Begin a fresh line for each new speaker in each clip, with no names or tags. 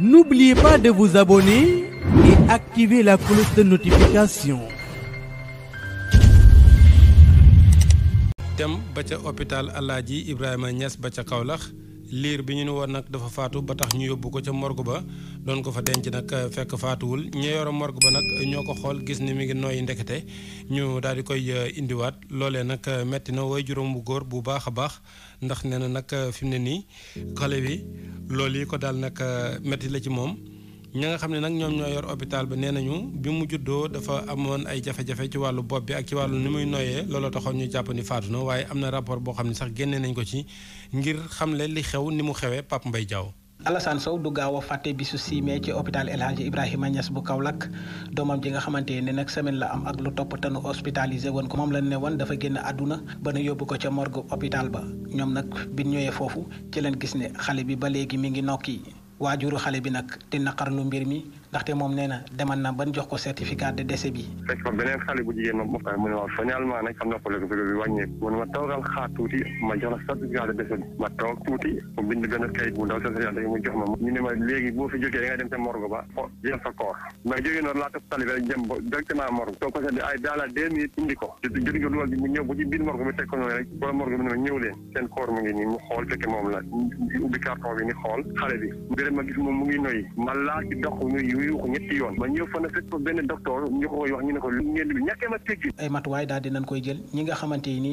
N'oubliez pas de vous abonner et activer la cloche de
notification.
dem ba ca hôpital Alaaji Ibrahima Niass ba ca liir bi ñu ne woon nag dafa faatu ba tax ñu yóbbu ko ca morgue ba doon ko fa denc nag eh, fekk faatuwul ñi yoro morgue ba nag ñoo ko xool gis ni mi ngi nooyi ndekete ñu daal di koy eh, indiwaat loolee nag eh, metti na way juróom bu góor bu baax a baax ndax nee na nag fi mu ne nii xale bi loolu yi ko daal nag metti la ci moom ña nga xam ne nag ñoom ñoo yor hôpital ba nee nañu bi mu juddoo dafa amoon ay jafe-jafe ci wàllu bopp bi ak ci wàllu ni muy noyee looloo taxoon ñu jàpp ni faatu na waaye am na rapport boo xam ne sax génnee nañ ko ci ngir xamle li xew ni mu xewee Pape mbay Diaw. Alassane
Sow du gaaw a fàtte bisu siimee ci hôpital El Hadji Ibrahima bu bu Kaolack doomam ji nga xamante ne nag semaine la am ak lu topp tanu hospitalisé woon ko moom la ne woon dafa génn àdduna ba nu yóbbu ko ca morgue hôpital ba ñoom nag bi ñëwee foofu ci leen gis ne xale bi ba léegi mi ngi nokki waajuru xale bi nag di naqarlu mbir mi ndaxte moom nee na demal na ban jox ko certificat de décès
bi. fekk ma toog tuuti mu bind benn kayit bu ndaw mu jox ma ñu ne ma léegi boo bi jëm ko seetee ay mu ñëw leen seen koor mu ngi nii mu xool fekke moom la ubbi carton xool xale bi ma gis moom mu ngi noy ma laa ci dox ñu yuuxu ñetti yoon ba ñëw fa na fekk benn docteur ñu ko koy ñu ne ko lu ngeen bi ñàkkee ma teggin
ay matuwaay daal dinañ koy jël ñi nga xamante ni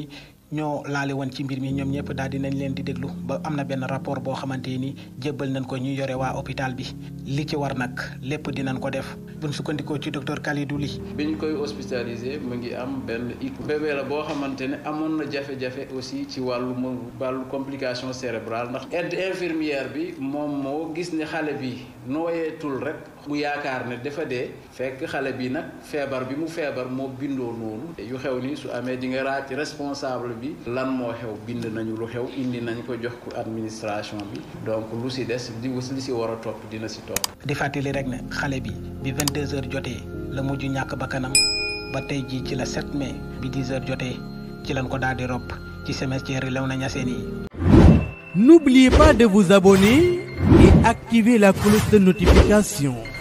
ñoo laale woon ci mbir mi ñoom ñëpp daal di nañ leen di déglu ba am na benn rapport boo xamante ni jébbal nañ ko ñuy yore waa hôpital bi li ci war nag lépp dinañ ko def buñ sukkandikoo ci docteur Kalidou Ly.
bi ñu koy hospitalisé mu ngi am benn hic bébé la boo xamante ne amoon na jafe-jafe aussi ci wàllu wàllu complication cérébrale ndax aide infirmière bi moom moo gis ne xale bi nooyeetul rek mu yaakaar ne dafa dee fekk xale bi nag feebar bi mu feebar moo bindoo xew su amee di nga raaj responsable bi lan moo xew bind nañu lu xew indi nañ ko jox ko administration bi donc lu si des di li si war a topp dina si topp.
di fàttali rek na xale bi bi 22h jotee la mujj ñàkk bakkanam ba tey jii ci la 7 mais bi 10h jotee ci lañ ko daal di ropp ci semestière yi lew na ñaseen yi. N'oubliez pas de vous abonner et activer la cloche de notification.